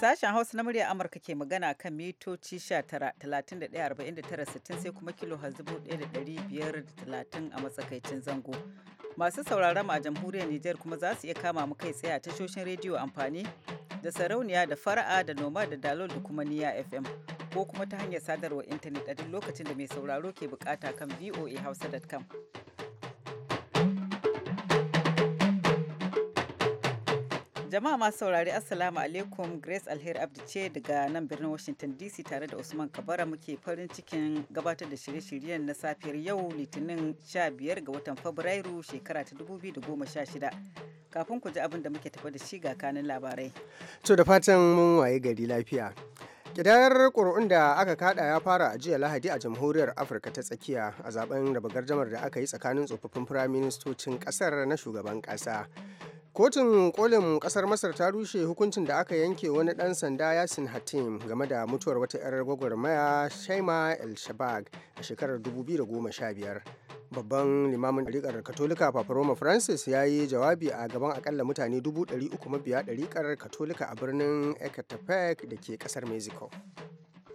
Sashen Hausa na murya Amurka ke magana kan mitoci 19,31,49,60 sai kuma kilo 1,530 a matsakaicin zango. Masu sauraron a jamhuriyar Nijar kuma za su iya kama mu kai tsaye a tashoshin rediyo amfani da sarauniya da fara'a da noma da dalol da kuma niya FM ko kuma ta hanyar sadarwa intanet a duk lokacin da mai sauraro ke bukata kan voahausa.com. Jama'a masu saurari Assalamu alaikum Grace Alheri Abdi ce daga nan birnin Washington DC tare da Usman Kabara muke farin cikin gabatar da shirye-shiryen na safiyar yau Litinin 15 ga watan Fabrairu shekara ta 2016. Kafin ku ji abin da muke tafa da shi ga kanin labarai. To da fatan mun waye gari lafiya. Kidayar ƙuri'un da aka kada ya fara a jiya Lahadi a Jamhuriyar Afirka ta Tsakiya a zaben raba gardamar da aka yi tsakanin tsofaffin firaministocin ƙasar na shugaban ƙasa. Kotun kolin kasar Masar ta rushe hukuncin da aka yanke wani ɗan sanda Yasin Hatim game da mutuwar wata 'yar gwagwarmaya Shaima El Shabag a shekarar 2015. Babban limamin ɗariƙar Katolika Papa Roma Francis ya yi jawabi a gaban akalla mutane 300 mabiya ɗariƙar Katolika a birnin Ecatepec da ke ƙasar Mexico.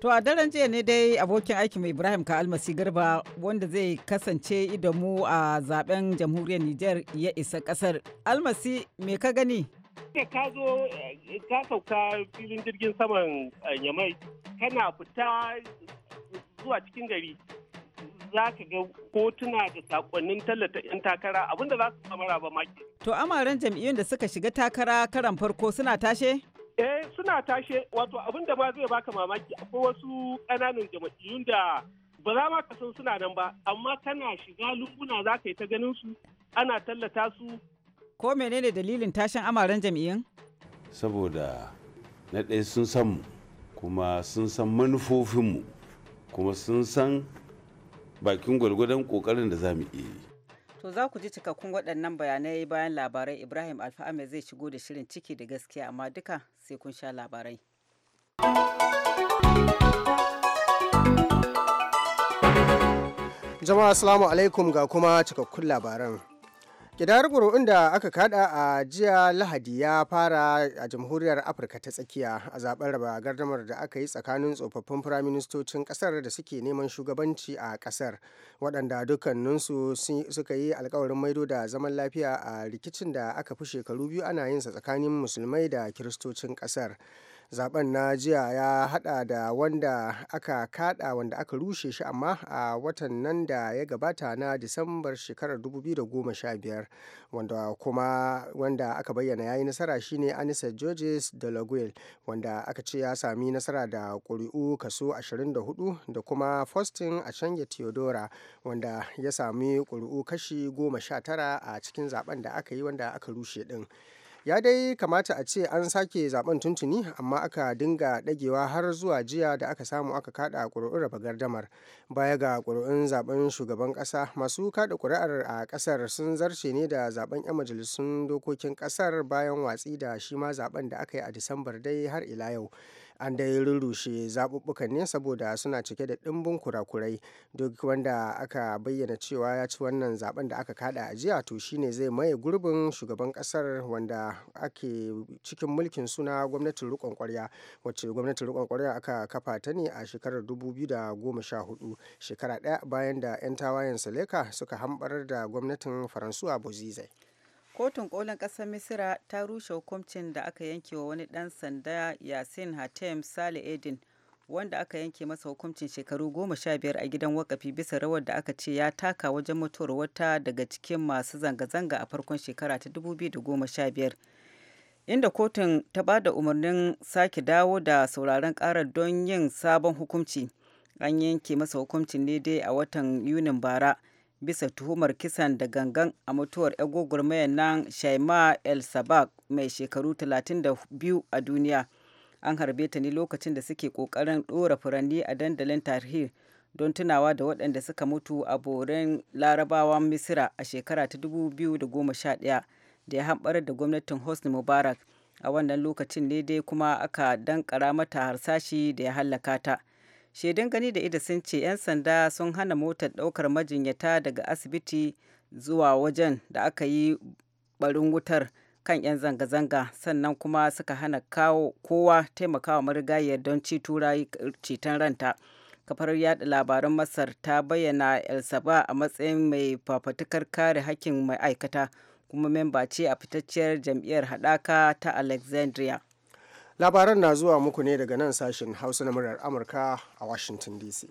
To a daren jiya ne dai abokin mai Ibrahim Ka Almasi Garba wanda zai kasance idanmu a zaben jamhuriyar Nijar ya isa kasar. Almasi me ka gani? Da ka zo ka sauka filin jirgin saman eh, Yamai kana fita zuwa cikin gari za ka ga kotuna da sakonnin tallata 'yan takara abinda za su samara ba maki. To amaren jam'iyyun da suka shiga takara karan farko suna tashe? Eh suna tashe wato abin da ba zai baka mamaki akwai wasu ƙananan jama'iyyun da ba za ma ka san suna nan ba amma kana shiga lunguna za ka yi ta ganin su ana tallata su. Ko menene dalilin tashin amaren jam'iyyun? Saboda na ɗaya sun san mu kuma sun san manufofinmu kuma sun san bakin gwalgwadon ƙoƙarin da za mu iya yi. To za ku ji cikakkun waɗannan bayanai bayan labarai Ibrahim Alfa'ame zai shigo da shirin ciki da gaskiya amma duka sai kun sha labarai. Jama'a Assalamu alaikum ga kuma cikakkun labaran. kidayar ƙuri'un da aka kada a jiya lahadi ya fara a jamhuriyar afirka ta tsakiya a zaben raba gardamar da aka yi tsakanin tsofaffin firaministocin ƙasar da suke neman shugabanci a ƙasar waɗanda dukkaninsu suka yi alkawarin maido da zaman lafiya a rikicin da aka fi shekaru biyu ana yinsa tsakanin musulmai da kiristocin ƙasar zaben na jiya ya hada da wanda aka kada wanda aka rushe shi amma a watan nan da ya gabata na disambar shekarar 2015 wanda kuma wanda aka bayyana ya yi nasara shine anisa georges de laguel wanda aka ce ya sami nasara da ƙuri'u kaso 24 da kuma faustin canje theodora wanda ya sami ƙuri'u kashi 19 a cikin zaben da aka yi wanda aka rushe din ya dai kamata a ce an sake zaben tuntuni amma aka dinga dagewa har zuwa jiya da aka samu aka kada ƙuri'un raba gardamar baya ga ƙuri'un zaben shugaban ƙasa masu kada ƙuri'ar a ƙasar sun zarce ne da zaben 'yan majalisun dokokin ƙasar bayan watsi da shi ma zaben da aka yi a disambar dai har ila yau an dai rurrushe zaɓuɓɓukan ne saboda suna cike da ɗimbin kurakurai duk wanda aka bayyana cewa ya ci wannan zaben da aka kada a jiya to shine zai maye gurbin shugaban ƙasar wanda ake cikin mulkin suna gwamnatin riƙon ƙwarya wacce gwamnatin riƙon ƙwarya aka kafa ta ne a shekarar 2014 shekara ɗaya bayan da 'yan tawayen Seleka suka hambarar da gwamnatin Faransuwa bozizai. kotun kolin ƙasar misira ta rushe hukuncin da aka yanke wa wani ɗan sanda yasin hatem sale edin wanda aka yanke masa hukuncin shekaru goma sha biyar a gidan wakafi bisa rawar da aka ce ya taka wajen mutuwar wata daga cikin masu zanga-zanga a farkon shekara ta 2015 inda kotun ta ba da umarnin sake dawo da sauraron karar don yin sabon hukunci an yanke masa hukuncin ne dai a watan yunin bara bisa tuhumar kisan da gangan a mutuwar 'yan gwagwarmayar nan shaima el sabak mai shekaru 32 a duniya an harbe ta ne lokacin da suke kokarin ɗora furanni a dandalin tarihir don tunawa da waɗanda suka mutu a boren larabawan misira a shekara ta 2011 da ya hambar da gwamnatin hosni mubarak a wannan lokacin ne dai kuma aka dankara mata harsashi da ya hallaka ta shaidun gani da ido sun ce 'yan sanda sun hana motar ɗaukar majinyata daga asibiti zuwa wajen da aka yi barin wutar kan 'yan zanga-zanga sannan kuma suka hana kawo kowa taimakawa marigayar don ci ceton ranta kafar yada labaran masar ta bayyana el a matsayin mai fafatukar kare hakkin ma'aikata kuma memba ce a fitacciyar jam'iyyar haɗaka ta alexandria labaran na zuwa muku ne daga nan sashen hausa na muryar amurka a washington dc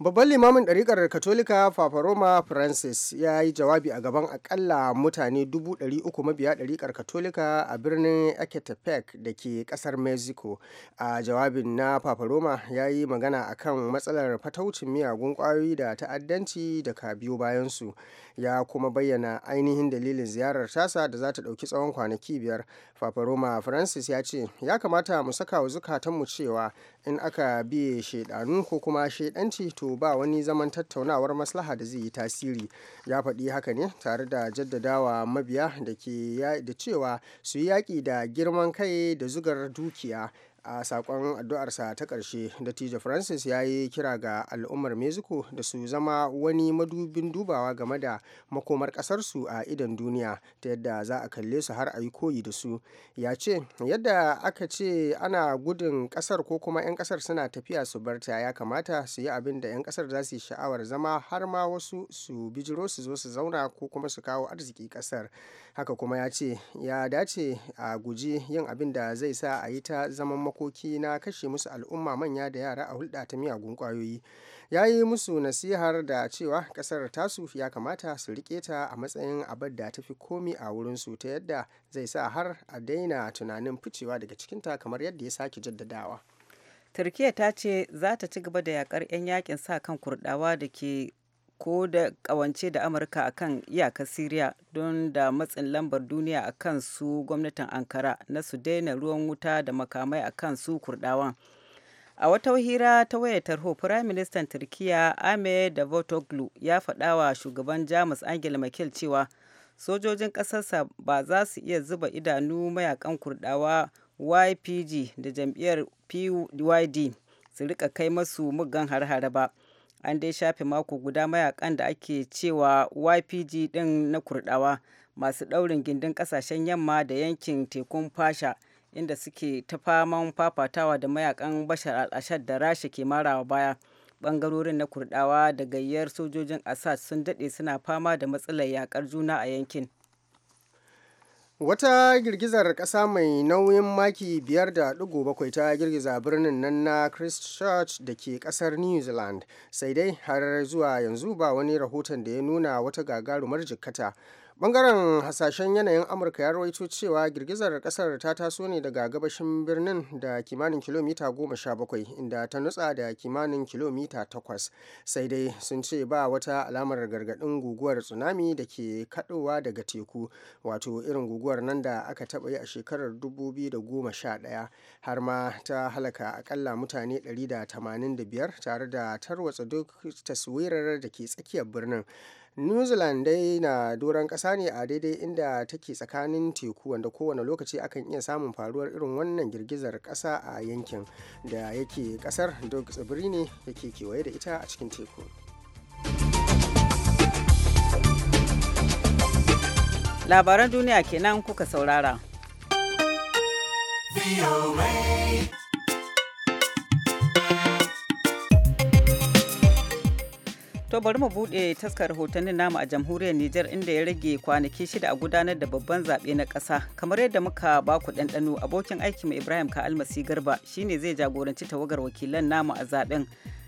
babban limamin ɗariƙar katolika fafaroma francis ya yi jawabi a gaban akalla mutane dubu ɗari uku mabiya ɗariƙar katolika a birnin ecatepec da ke ƙasar mexico a jawabin na fafaroma ya yi magana a kan matsalar fataucin miyagun ƙwayoyi da ta'addanci da ka biyo bayansu ya kuma bayyana ainihin dalilin ziyarar tasa da za ta ɗauki tsawon kwanaki biyar fafaroma francis ya ce ya kamata mu saka wa zukatanmu cewa in aka biye shaidanu ko kuma shaidanci to to ba wani zaman tattaunawar maslaha da zai yi tasiri ya faɗi haka ne tare da jaddadawa mabiya da cewa su yi yaƙi da girman kai da zugar dukiya a sakon addu'arsa ta ƙarshe dattijo francis ya yi kira ga al'ummar mexico da su zama wani madubin dubawa game da makomar ƙasarsu a idan duniya ta yadda za a kalle su har a yi koyi da su ya ce yadda aka ce ana gudun ƙasar ko kuma 'yan ƙasar suna tafiya su bar ta ya kamata su yi abin da 'yan ƙasar za su yi sha'awar zama har ma wasu su bijiro su zo su zauna ko kuma su kawo arziki ƙasar haka kuma ya ce ya dace a guji yin abin da zai sa a yi ta zaman makoki na kashe musu al'umma manya da yara a hulɗa ta miyagun ƙwayoyi ya yi musu nasihar da cewa ƙasar tasu ya kamata su riƙe ta a matsayin abin da ta fi komi a wurinsu ta yadda zai sa har a daina tunanin ficewa daga cikinta kamar yadda ya sake jaddadawa. turkiya ta ce za ta ci gaba da yakar 'yan yakin sa kan kurdawa da ke ko da kawance da amurka akan iyaka siriya don da matsin lambar duniya a kan su gwamnatin ankara na su daina ruwan wuta da makamai a kan su kurdawan a wata hira ta wayar tarho firaministan turkiya da votoglu ya faɗa wa shugaban jamus angela merkel cewa sojojin ƙasarsa ba za su iya zuba idanu mayakan kurdawa ypg da jam'iyyar pyd su rika kai masu mugan har ba an dai shafe mako guda mayakan da ake cewa ypg din na kurdawa masu daurin gindin kasashen yamma da yankin tekun fasha inda suke ta faman fafatawa da mayakan bashar al da rasha ke marawa baya bangarorin na kurdawa da gayyar sojojin assad sun dade suna fama da matsalar yakar juna a yankin Wata girgizar ƙasa mai nauyin maki 5.7 ta girgiza birnin nan na Christchurch da ke ƙasar New Zealand, sai dai har zuwa yanzu ba wani rahoton da ya nuna wata gagarumar jikkata. bangaren hasashen yanayin amurka ya rawaito cewa girgizar kasar ta taso ne daga gabashin birnin da kimanin kilomita 17 inda ta nutsa da kimanin kilomita takwas sai dai sun ce ba wata alamar gargadin guguwar tsunami da ke kaɗowa daga teku wato irin guguwar nan da aka taba yi a shekarar 2011 har ma ta halaka akalla mutane 185 tare da tarwatsa duk taswirar da ke tsakiyar birnin New Zealand dai na doron ƙasa ne a daidai inda take tsakanin teku wanda kowane lokaci akan iya samun faruwar irin wannan girgizar ƙasa a yankin da yake ƙasar duk tsibiri ne yake kewaye da ita a cikin teku. Labaran duniya kenan kuka saurara. To bari mu buɗe taskar hotonin namu a jamhuriyar Nijar inda ya rage kwanaki shida a gudanar da babban zaɓe na ƙasa. Kamar yadda muka ba ku ɗanɗano abokin aikinmu Ibrahim Ka Almasi Garba shine zai jagoranci tawagar wakilan namu a zaɓen.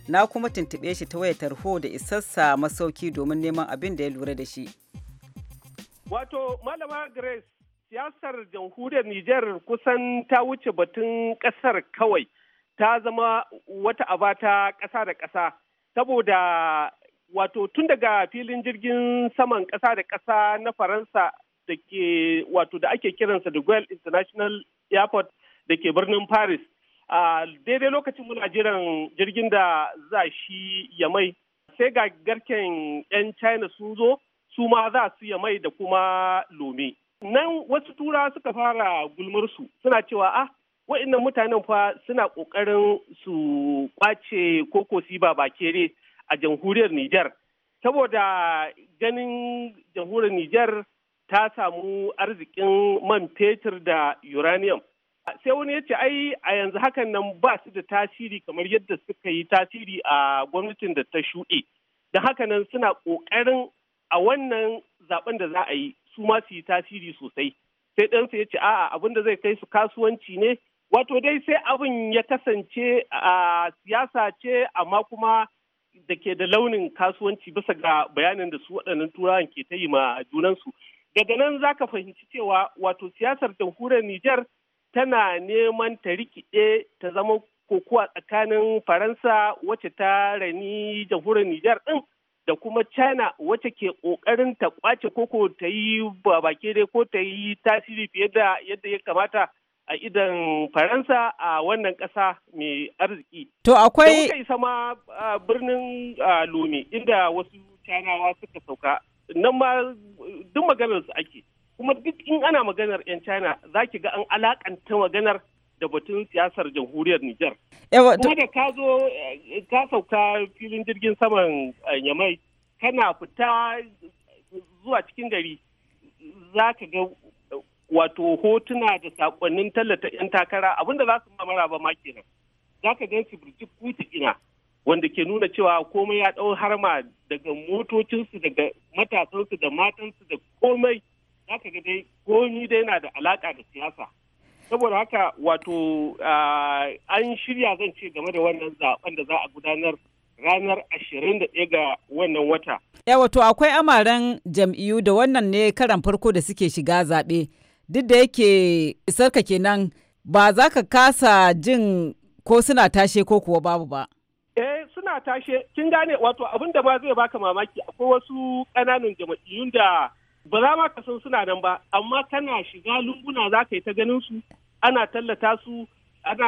Na kuma tuntuɓe shi ta wayar tarho da isassa masauki domin neman abin da ya lura da shi. Wato Malama Grace siyasar jamhuriyar Nijar kusan ta wuce batun ƙasar kawai ta zama wata abata ƙasa da ƙasa. Saboda wato tun daga filin jirgin saman ƙasa da ƙasa na faransa da ke wato da ake kiransa da Guel international airport da ke birnin paris a daidai lokacin muna jiran jirgin da za shi ya mai sai ga garken 'yan china sun zo su ma za su ya mai da kuma lome nan wasu tura suka fara gulmarsu suna cewa ah wa'annan mutanen fa suna ƙoƙarin su kwace koko siba ba kere a jamhuriyar Nijar. Saboda ganin jamhuriyar Nijar ta samu arzikin man fetur da uranium. Sai wani ya ce ai a yanzu hakan nan ba su da tasiri kamar yadda suka yi tasiri a gwamnatin da ta shuɗe. Da haka nan suna ƙoƙarin a wannan zaben da za a yi su ma su yi tasiri sosai. Sai ɗansa ya ce a'a abin da zai kai su kasuwanci ne Wato dai sai abin ya kasance a siyasa ce amma kuma da ke da launin kasuwanci bisa ga bayanin da su waɗannan turawan ke ta yi ma junansu daga nan za ka fahimci cewa wato siyasar jamhuriyar Nijar tana neman ta rikide ta zama kokowa tsakanin Faransa wacce ta rani jamhuriyar Nijar ɗin da kuma China wacce ke ƙoƙarin ta ƙwace koko ta yi babakere dai ko ta yi tasiri fiye da yadda ya kamata a idan faransa a wannan ƙasa mai arziki to akwai da isa ma birnin lome inda wasu canawa suka sauka nan ma duk maganar su ake kuma duk in ana maganar 'yan china za ki ga an alakanta maganar da batun siyasar jamhuriyar Nijar. Kuma da ka zo eh, ka sauka filin jirgin saman eh, yamai kana fita zuwa cikin gari za ka ga wato hotuna da sakonnin tallata 'yan takara abinda za su mamara ba ma kenan za ka gan su ina wanda ke nuna cewa komai ya ɗau harma daga motocinsu daga matasansu da matansu da komai za ka ga dai komi dai na da alaƙa da siyasa saboda haka wato an shirya zan ce game da wannan zaben da za a gudanar ranar 21 ga wannan wata. Ya wato akwai amaren jam'iyyu da wannan ne karan farko da suke shiga zaɓe. duk da yake isarka kenan ba za ka kasa jin ko suna tashe ko kuwa babu ba. Eh suna tashe kin gane wato abin da ba zai baka mamaki akwai wasu ƙananan jama'iyyun da ba za ma ka san suna nan ba amma kana shiga lunguna za ka yi ta ganin su ana tallata su ana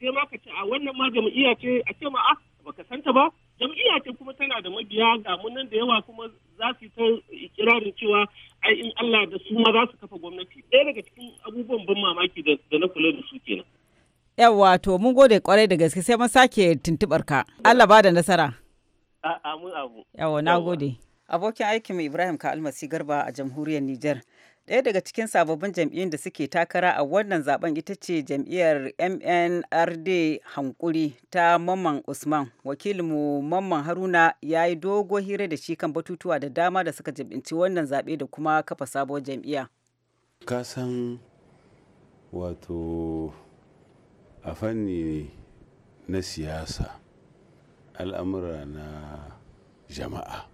sai ma ka ce a wannan ma jama'iyya ce a ce ma a ah, baka santa ba jam'iyya ce kuma tana da mabiya ga nan da yawa kuma za su yi ta ikirarin cewa ai in Allah da su ma za su kafa gwamnati ɗaya daga cikin abubuwan ban mamaki da na kula da su kenan. Yawwa to mun gode kwarai da gaske sai mun sake tuntubar ka Allah ba da nasara. Amin abu. Yawwa na gode. Abokin aikin Ibrahim Ka Almasi Garba a jamhuriyar Nijar. Ɗaya daga cikin sababbin jam'iyyun da suke takara a wannan zaben ita ce jam'iyyar MNRD Hankuri ta Mamman Usman. Wakilinmu Mamman Haruna ya yi dogo hira da shi kan batutuwa da dama da suka jam'inci wannan zaɓe da kuma kafa sabuwar jam'iyya. Ka san wato a fanni na siyasa al'amura na jama'a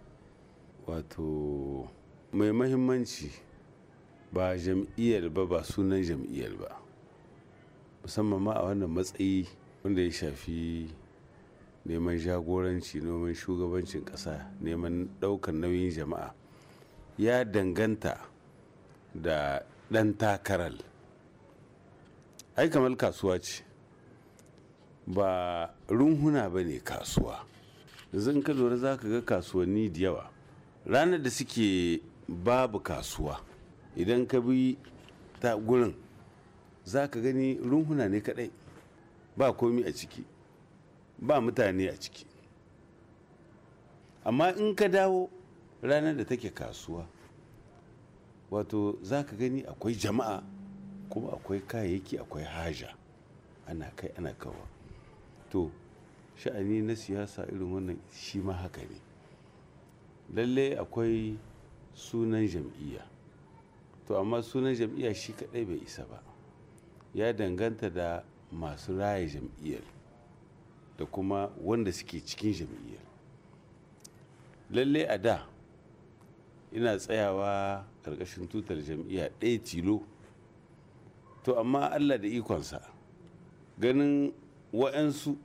wato mai mahimmanci ba jam'iyyar ba ba sunan jam'iyyar ba musamman ma a wannan matsayi wanda ya shafi neman jagoranci neman shugabancin kasa neman ɗaukar nauyin jama'a ya danganta da ɗan takarar ai kamar kasuwa ce ba runhuna ba ne kasuwa zan ka lura za ka ga kasuwanni da yawa ranar da suke babu kasuwa idan ka bi ta gurin za ka gani runhuna ne kadai ba komi a ciki ba mutane a ciki amma in ka dawo ranar da take kasuwa wato za ka gani akwai jama'a kuma akwai kayayyaki akwai haja ana kai ana kawa to sha'ani na siyasa irin wannan shi ma haka ne lallai akwai sunan jam'iyya to amma sunan jam'iyya shi kadai bai isa ba ya danganta da masu raya jam'iyyar da kuma wanda suke cikin jam'iyyar lalle a da ina tsayawa karkashin tutar jam'iyya ɗaya tilo to amma allah da ikonsa ganin wa'ansu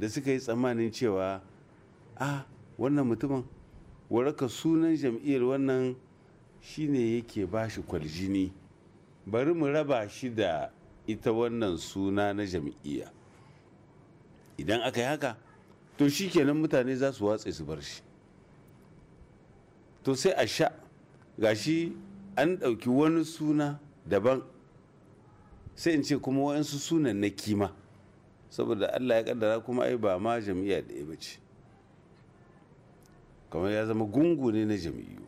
da suka yi tsammanin cewa a ah, wannan mutumin waraka sunan jam'iyyar wannan shi ne yake ba shi kwaljini bari mu raba shi da ita wannan suna na jam'iyya idan aka yi haka to shi kenan mutane za su watse su bar shi to sai a sha gashi an ɗauki wani suna daban sai in ce kuma wa'ansu sunan na kima saboda allah ya kaddara kuma ai ba ma jam'iyya da ya bace kamar ya zama gungu ne na jam'iyyu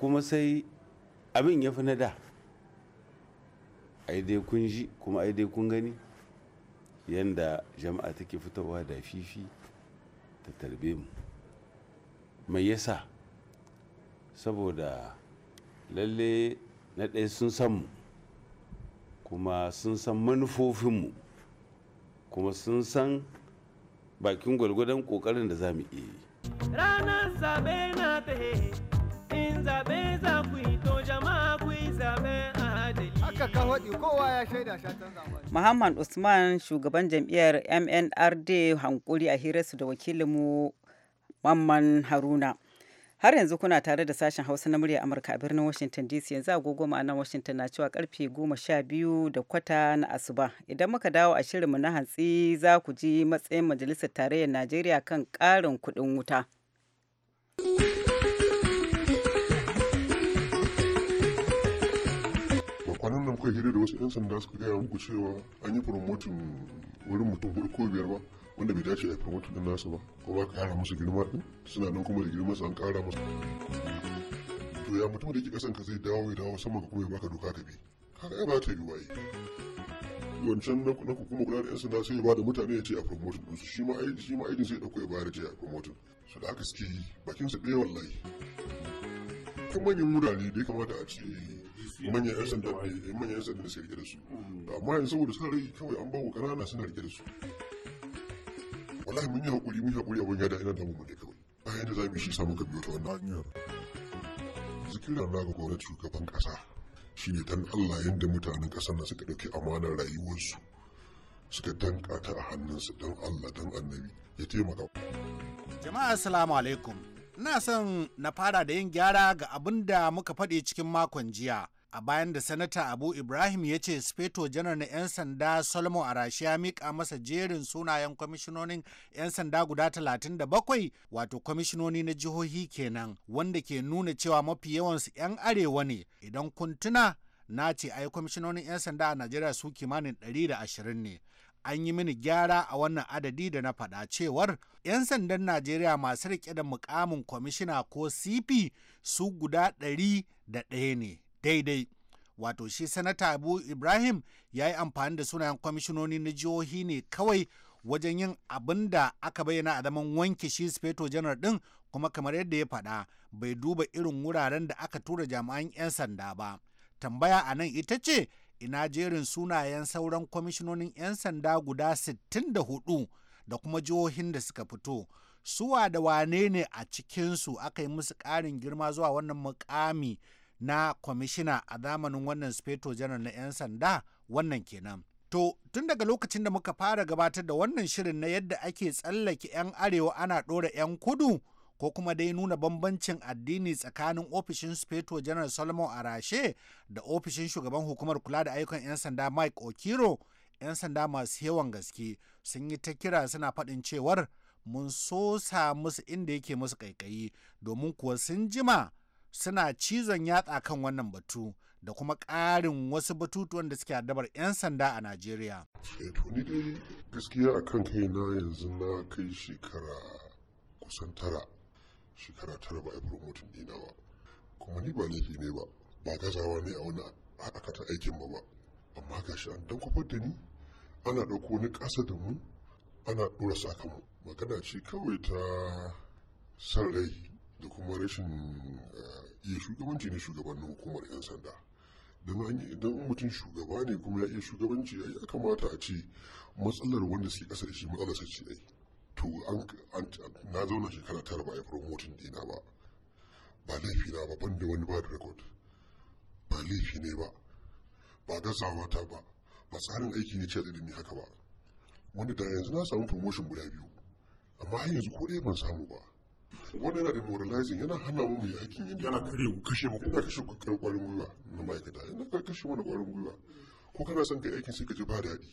kuma sai abin ya fi na da ai dai kun ji kuma ai dai kun gani yadda jama'a take fitowa da fifi ta tarbe mu mai yasa saboda lalle na ɗaya sun san mu kuma sun san manufofinmu kuma sun san bakin gwargwadon ƙoƙarin da za mu iya yi ranar zaɓe na ta Muhammad Usman shugaban jam'iyyar MNRD hankuri a hirarsu da wakilinmu Mamman Haruna. Har yanzu kuna tare da sashen Hausa na murya Amurka a birnin Washington DC yanzu agogo ma'anar Washington na cewa karfe goma sha biyu da kwata na asuba. Idan muka dawo a shirinmu na hantsi za ku ji matsayin Majalisar Tarayyar Najeriya kan ƙarin kuɗin wuta. kwanan nan kuka hira da wasu 'yan sanda suka gaya muku cewa an yi promotin wurin mutum hudu ko biyar ba wanda bai dace a promotin din nasu ba kuma ka kara musu girma din suna nan kuma da girma su an kara musu to ya mutum da ke kasan ka zai dawo ya dawo sama ka kuma ya baka doka ka bi kaga ya ba ta yi waye wancan na kuma gudanar 'yan sanda sai ya ba da mutane ya ce a promotin su shi ma shi ma aidin sai ya ɗauko ya bayar ce a promotin su da aka suke yi bakin su ɗaya wallahi kan manyan wurare da ya kamata a ce manyan yan sanda eh, manyan yan sanda suke rike da su amma yanzu saboda suna rage kawai an bawa ƙanana suna rike da su wallahi mun yi hakuri mun yi hakuri abin ya ina damu mu ne kawai bayan da za mu shi samu ka biyo ta wannan hanyar zikira na ga gwamnati shugaban ƙasa shine dan Allah yadda mutanen ƙasar nan suka ɗauki amanar rayuwarsu suka danka ta a hannunsu don Allah don annabi ya taimaka. Jama'a assalamu alaikum. Ina son na fara da yin gyara ga abin da muka faɗi cikin makon jiya a bayan da sanata abu ibrahim ya ce speto janar na 'yan sanda solomon arashi ya mika masa jerin sunayen kwamishinonin 'yan sanda guda 37 wato kwamishinoni na jihohi kenan wanda ke nuna cewa mafi yawansu 'yan arewa ne idan kuntuna tuna na ce ai kwamishinonin 'yan sanda a najeriya su kimanin 120 ne an yi mini gyara a wannan adadi da na faɗa cewar 'yan sandan najeriya masu rike da mukamin kwamishina ko cp su guda ɗari da ɗaya ne daidai wato shi sanata abu ibrahim ya yi amfani da sunayen kwamishinoni na jihohi ne kawai wajen yin abin da aka bayyana a zaman wanke shi speto General din kuma kamar yadda ya faɗa bai duba irin wuraren da aka tura jami'an 'yan sanda ba tambaya a nan ita ce ina jerin sunayen sauran kwamishinonin 'yan sanda guda 64 da kuma jihohin da suka fito suwa da wane ne a cikinsu aka yi musu ƙarin girma zuwa wannan mukami na kwamishina a zamanin wannan speto janar na 'yan sanda wannan kenan. To tun daga lokacin da muka fara gabatar da wannan shirin na yadda ake tsallake 'yan arewa ana ɗora 'yan kudu ko kuma dai nuna bambancin addini tsakanin ofishin speto janar Solomon Arashe da ofishin shugaban hukumar kula da ayyukan 'yan sanda Mike Okiro 'yan sanda masu yawan gaske sun yi ta kira suna faɗin cewar mun sosa musu inda yake musu kaikayi domin kuwa sun jima suna cizon yatsa kan wannan batu da kuma ƙarin wasu batutuwan da suke dabar 'yan sanda a Najeriya. Eh, to ni dai gaskiya a kan kaina yanzu na kai shekara kusan tara shekara tara ba a promotin dina ba kuma ni ba laifi ne ba ba gazawa ne a wani akata aikin ba ba amma ga shi an dan kwafar da ni ana ɗauko ni ƙasa da mu ana ɗora sakamu magana ce kawai ta san rai da kuma rashin eh, iya shugabanci na shugabannin hukumar 'yan sanda don mutum shugaba ne kuma ya iya shugabanci ya kamata a ce matsalar wanda suke kasa da shi matsalar ce ai to na zauna shekara tara ba a yi promotin dina ba ba laifi na ba banda wani ba da record ba laifi ne ba ba gazawa ta ba ba tsarin aiki ne ce da ni haka ba wanda da yanzu na samu promotion guda biyu amma har yanzu ko ɗaya ban samu ba wannan yana demoralizing yana hana mu mai aikin yin yana kare mu kashe mu kuma kashe mu kare kwarin gwiwa na ma'aikata yana kashe mana kwarin gwiwa ko kana son kai aikin sai ka ji ba daɗi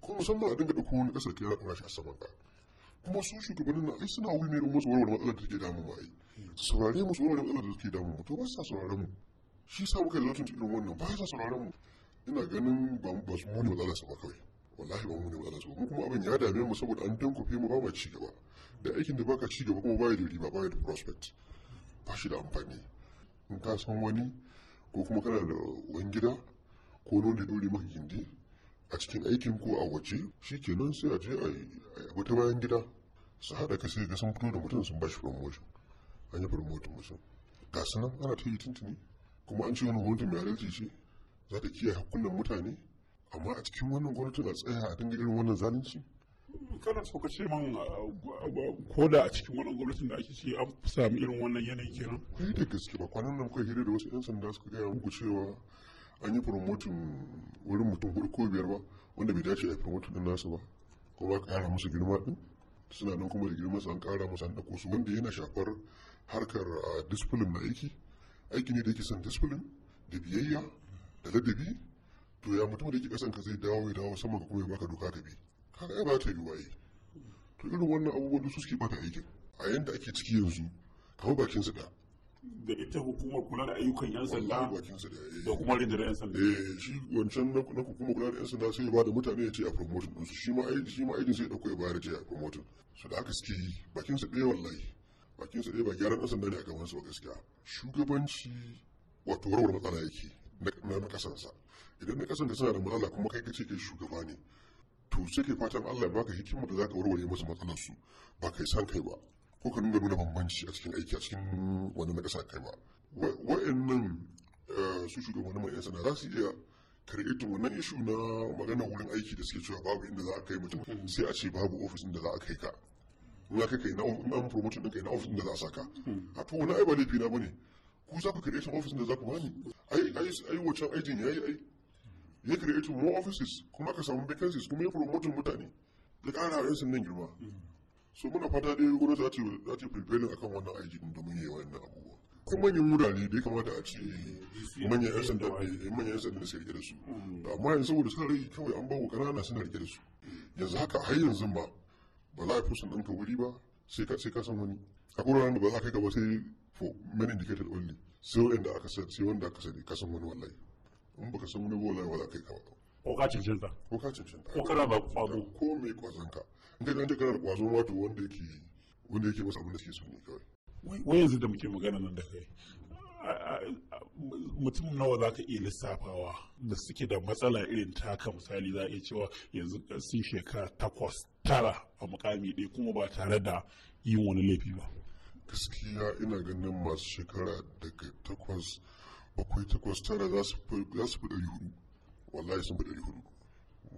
ko musamman a dinga ɗauko wani ƙasar ka yana kuma shi a saman ka kuma su shugabannin na ai suna wuyi mai musu warware matsalar da take damun mu ai saurare musu warware matsalar da take damun mu to ba sa saurare mu shi sa muka yi lantin irin wannan ba sa saurare mu ina ganin ba su mu ne matsalar sa ba kawai wallahi ba mu da matsala su kuma abin ya dame mu saboda an tankufe mu ba ma ci gaba da aikin da baka ci gaba kuma baya da riba baya da prospect ba shi da amfani in ka san wani ko kuma kana da wani gida ko nuna dole maka gindi a cikin aikin ko a waje shi ke nan sai a je a yi wata bayan gida su haɗa ka sai ga sun fito da mutum sun bashi promotion an yi promotion mutum ga su nan ana ta yi tuntuni kuma an ce wani gwamnati mai halarci ce za ta kiyaye hakkunan mutane amma a cikin wannan gwamnati ba tsaya a dinga irin wannan zalunci kana so ka ce man ko da a cikin wannan gwamnatin da ake ce an samu irin wannan yanayi kenan kai da gaske ba kwanan nan kai hira da wasu yan sanda suka gaya muku cewa an yi promotin wurin mutum hudu ko biyar ba wanda bai dace a yi promotin din nasu ba ko ba ƙara musu girma din suna nan kuma da girma su an kara musu an dako su wanda yana shafar harkar discipline na aiki aiki ne da yake son discipline da biyayya da ladabi to ya mutum da ke kasan ka zai dawo ya dawo saman ka kuma ya baka doka ka bi kaga ya ba ta yi waye to irin wannan abubuwan su suke bata aikin a yanda ake ciki yanzu kawo bakin su da da ita hukumar kula da ayyukan yan sanda eh. da kuma rindirar yan sanda eh shi wancan na hukumar kula da yan sanda sai ya bada mutane ya ce a promotion din su shi ma aiki shi ma aikin sai ya dauko ya bayar ya ce a promotion su da aka suke yi bakin su ɗaya wallahi bakin su ɗaya ba gyaran yan sanda ne a gaban su ba gaskiya shugabanci wato warware matsala yake na kasansa idan na kasance suna da matsala kuma kai kace kai shugaba ne to sai kai fatan Allah ya baka hikima da zaka warware musu matsalar su ba kai san kai ba ko ka nuna nuna bambanci a cikin aiki a cikin wani na kasa kai ba wa'annan eh, su shugabanni mai yasa za su iya karɓi wannan ishu na magana wurin aiki da suke cewa babu inda za a kai mutum sai a ce babu ofis da za a kai ka in kai kai na an promotion ɗin kai na ofis da za a saka a to wani ai ba laifi na bane ku za ku karɓi ofis da za ku bani ai ai ai wancan aikin yayi ai ya create more offices kuma ka samu vacancies kuma ya promoting mutane ya ƙara yan sandan girma so muna fata dai gwamnati za ta za ta prevailing akan wannan aiki da yi wa wannan abubuwa kuma manyan wurare da ya kamata a ce manyan yan sanda eh, manyan yan sanda suka rike da su amma yanzu saboda suna rage kawai an bawa ƙanana suna rike da su yanzu haka har yanzu ba ba za a fi sun ɗanka wuri ba sai ka sai ka san wani a wuraren da ba za a kai gaba sai for men indicated only sai wanda aka sai wanda aka sani ka san wani wallahi in baka san wani bola ba za ka yi ko ka cancanta ko ka cancanta ko kana ba kwazo ko mai kwazon ka in ka ganta da kwazo wato wanda yake wanda yake masa abin da suke so ne kawai wai yanzu da muke magana nan da kai mutum nawa za ka iya lissafawa da suke da matsala irin taka misali za a iya cewa yanzu sun shekara takwas tara a mukami ɗaya kuma ba tare da yin wani laifi ba gaskiya ina ganin masu shekara daga takwas akwai takwas tara za su fi ɗari hudu wallahi sun fi ɗari hudu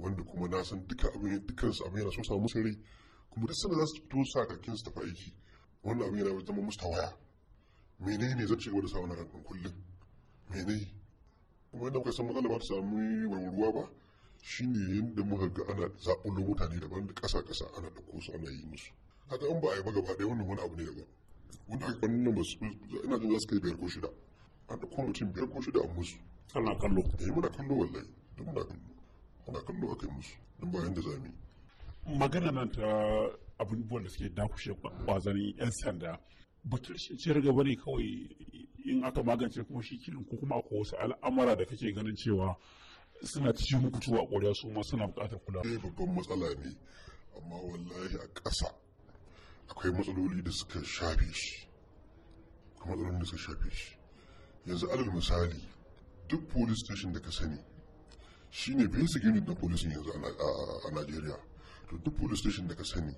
wanda kuma na san duka abin su abin yana so samu musu kuma duk sanda za su fito sakakin su tafi aiki wannan abin yana zama musu tawaya menene zan ci gaba da sa wannan rankan kullum menene kuma yadda muka san matsala ba ta samu warwarwa ba shine yadda muka ga ana zaɓunan mutane daban da ƙasa-ƙasa ana ɗauko su ana yi musu haka in ba a yi ba gaba ɗaya wannan wani abu ne daban wanda aka wannan nan ba su ina jin za su kai biyar ko shida a ɗauko mutum biyar ko shida a musu kana kallo eh muna kallo wallahi duk muna kallo muna kallo aka yi musu duk bayan da zamu magana nan ta abubuwan da suke dakushe kwazani yan sanda batun shi ce riga ne kawai in aka magance kuma shi kilin ko kuma akwai wasu al'amura da kake ganin cewa suna ci muku tuwa ƙwarya su ma suna buƙatar kula. Eh babban matsala ne amma wallahi a ƙasa akwai matsaloli da suka shafe shi kuma matsalolin da suka shafe shi yanzu alal misali duk police station da ka sani shine basic unit na police yanzu a Nigeria to duk police station da ka sani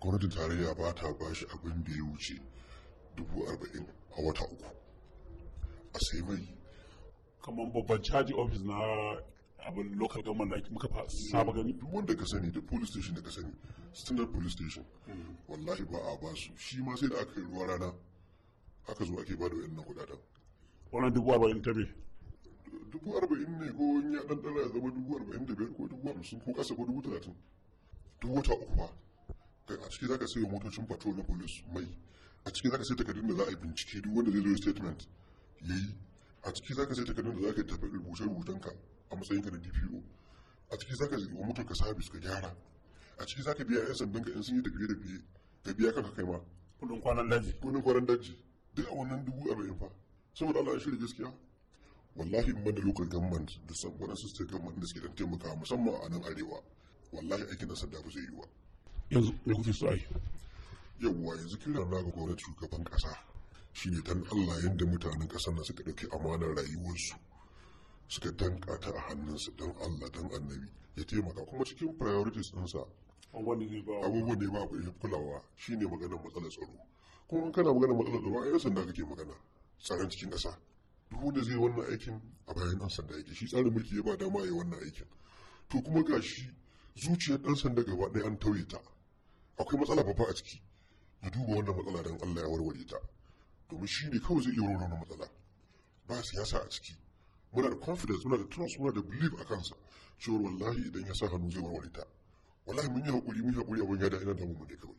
gwamnatin tarayya ba ta ba shi abin da ya wuce dubu arba'in a wata uku a sai mai kamar babban caji office na abin local government da muka saba gani duk wanda ka sani duk police station da ka sani standard police station mm. wallahi ba a ba su shi ma sai da aka yi ruwa rana aka zo ake ba da wayannan kudaden wannan dubu arba'in ta me dubu arba'in ne ko in ya ɗanɗana ya zama dubu arba'in da biyar ko dubu hamsin ko kasa ko dubu talatin duk wata uku ba kai a ciki zaka sayo motocin patrol na police mai a ciki zaka sai takardun da za a yi bincike duk wanda zai zo statement yayi a ciki zaka sai takardun da zaka yi tafi rubuce rubutan ka a matsayin ka na DPO a ciki zaka yi wa motar ka service ka gyara a ciki zaka biya yan sandan ka in sun yi tafiye da biye ka biya kanka kai ma kudin kwanan daji kudin kwanan daji duk a wannan dubu arba'in fa saboda Allah ya shirya gaskiya wallahi in banda local government da saboda su state government da suke dan taimaka musamman a nan arewa wallahi aikin da sadda ba zai yi wa yanzu ya kuke so ai yawwa yanzu kiran na ga gwamnati shugaban kasa shine dan Allah yanda mutanen kasar nan suka dauki amanar rayuwarsu suka danka ta a hannunsa dan Allah dan annabi ya taimaka kuma cikin priorities ɗinsa abubuwan da ya ba kulawa shine maganar matsalar tsaro kuma kana maganar matsalar tsaro a yan da kake magana Tsarin cikin ƙasa duk wanda zai wannan aikin a bayan ɗan sanda yake shi tsarin mulki ya ba dama ya wannan aikin to kuma ga shi zuciyar ɗan sanda gaba ɗaya an tauye ta akwai matsala babba a ciki ya duba wannan matsala don Allah ya warware ta domin shi ne kawai zai iya warware wannan matsala ba siyasa a ciki muna da confidence muna da trust muna da belief a kansa cewa wallahi idan ya sa hannu zai warware ta wallahi mun yi hakuri mun yi hakuri abin ya da ina da mu ne kawai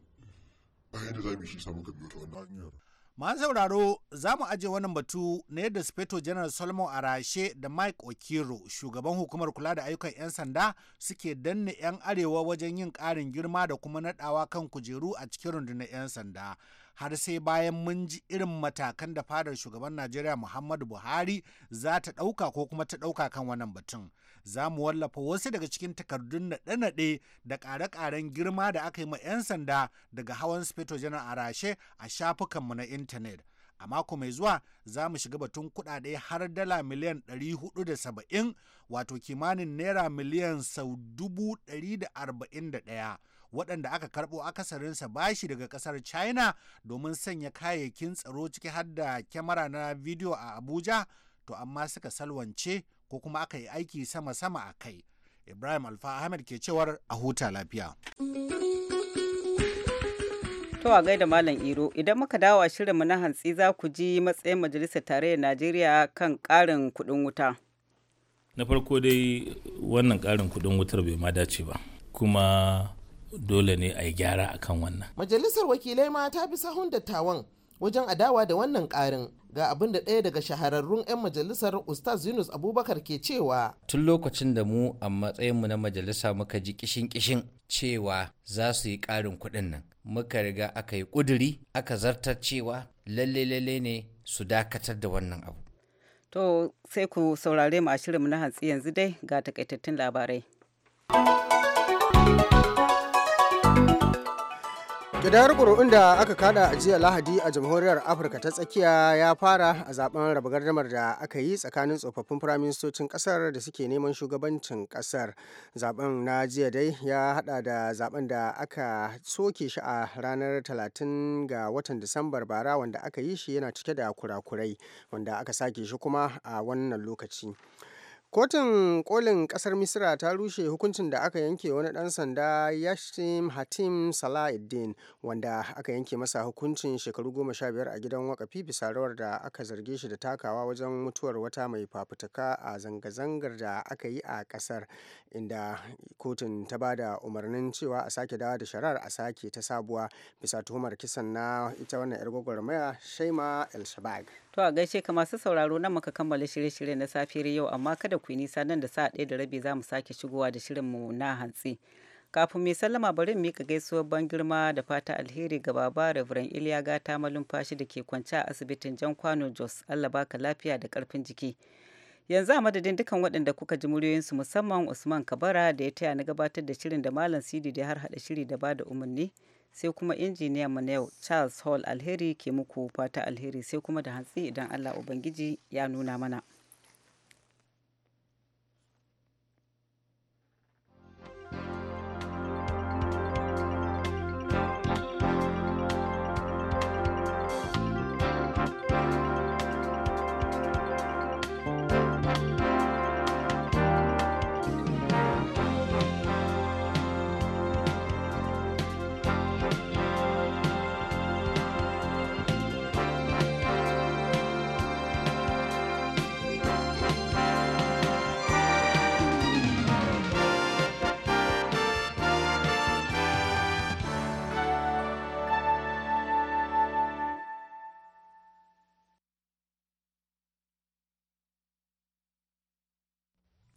bayan da za mu shi samu ka biyo ta wannan hanyar Masu sauraro za mu aje wannan batu na yadda Speto General Solomon Arashe da Mike Okiro shugaban hukumar kula da ayyukan 'yan sanda suke danne 'yan arewa wajen yin ƙarin girma da kuma naɗawa kan kujeru a cikin rundunar 'yan sanda. Har sai bayan mun ji irin matakan da fadar shugaban Najeriya Muhammadu Buhari za ta ɗauka ko kuma ta ɗauka kan wannan batun. za mu wallafa wasu daga cikin takardun naɗe-naɗe da ƙare-ƙaren girma da aka yi ma 'yan sanda daga hawan speto janar a rashe a shafukanmu na intanet. a mako mai zuwa za mu shiga batun kuɗaɗe har dala miliyan 470 wato kimanin naira miliyan sau ɗaya waɗanda aka karɓo akasarinsa bashi daga ƙasar china domin sanya kayayyakin tsaro ciki har da kyamara na bidiyo a abuja to amma suka salwance ko kuma aka yi aiki sama-sama a kai ibrahim alfa ahmed ke cewar a huta lafiya To a gaida Malam Iro, idan muka dawo a shirinmu na hantsi za ku ji matsayin Majalisar Tarayyar Najeriya kan ƙarin kuɗin wuta. Na farko dai wannan ƙarin kuɗin wutar bai ma dace ba, kuma dole ne a yi gyara akan wannan. Majalisar wakilai ma ta bi sahun dattawan wajen adawa da wannan karin ga abin da ɗaya daga shahararrun 'yan majalisar ustaz yunus abubakar ke cewa tun lokacin da mu a matsayin mu na majalisa muka ji kishin kishin cewa za su yi ƙarin kuɗin nan muka riga aka yi ƙuduri aka zartar cewa lalle lalle ne su dakatar da wannan abu to sai ku saurare mu a shirinmu na hantsi yanzu dai ga takaitattun labarai Gidar ƙuri'un da aka kada a jiya Lahadi a jamhuriyar Afirka ta tsakiya ya fara a zaben raba gardamar da aka yi tsakanin tsofaffin firaministocin kasar da suke neman shugabancin kasar Zaben na jiya dai ya hada da zaben da aka soke shi a ranar 30 ga watan Disambar bara wanda aka yi shi yana cike da kurakurai wanda aka sake shi kuma a wannan lokaci. Kotun Kolin kasar Misira ta rushe hukuncin da aka yanke wani dan sanda Yashim Hatim Sala'iddin wanda aka yanke masa hukuncin shekaru goma sha biyar a gidan wakafi bisa rawar da aka zarge shi da takawa wajen mutuwar wata mai fafutuka a zanga-zangar da aka yi a kasar inda kotun ta ba da umarnin cewa a sake dawa da shari'ar a sake ta sabuwa bisa tuhumar kisan na ita wannan 'yar gwagwarmaya Shaima El Shabag. To a gaishe ka masu sauraro nan muka kammala shirye-shirye na safiyar yau amma kada bakwai nisa nan da sa ɗaya da rabi za mu sake shigowa da mu na hantsi. Kafin mai sallama bari mika gaisuwar ban girma da fata alheri ga baba Reverend Iliya Gata malumfashi da ke kwance a asibitin Jan Kwano Jos. Allah baka lafiya da karfin jiki. Yanzu a madadin dukan waɗanda kuka ji muryoyinsu musamman Usman Kabara da ya taya na gabatar da shirin da Malam Sidi da har haɗa shiri da bada umarni. sai kuma injiniyan mu na yau charles hall alheri ke muku fata alheri sai kuma da hantsi idan allah ubangiji ya nuna mana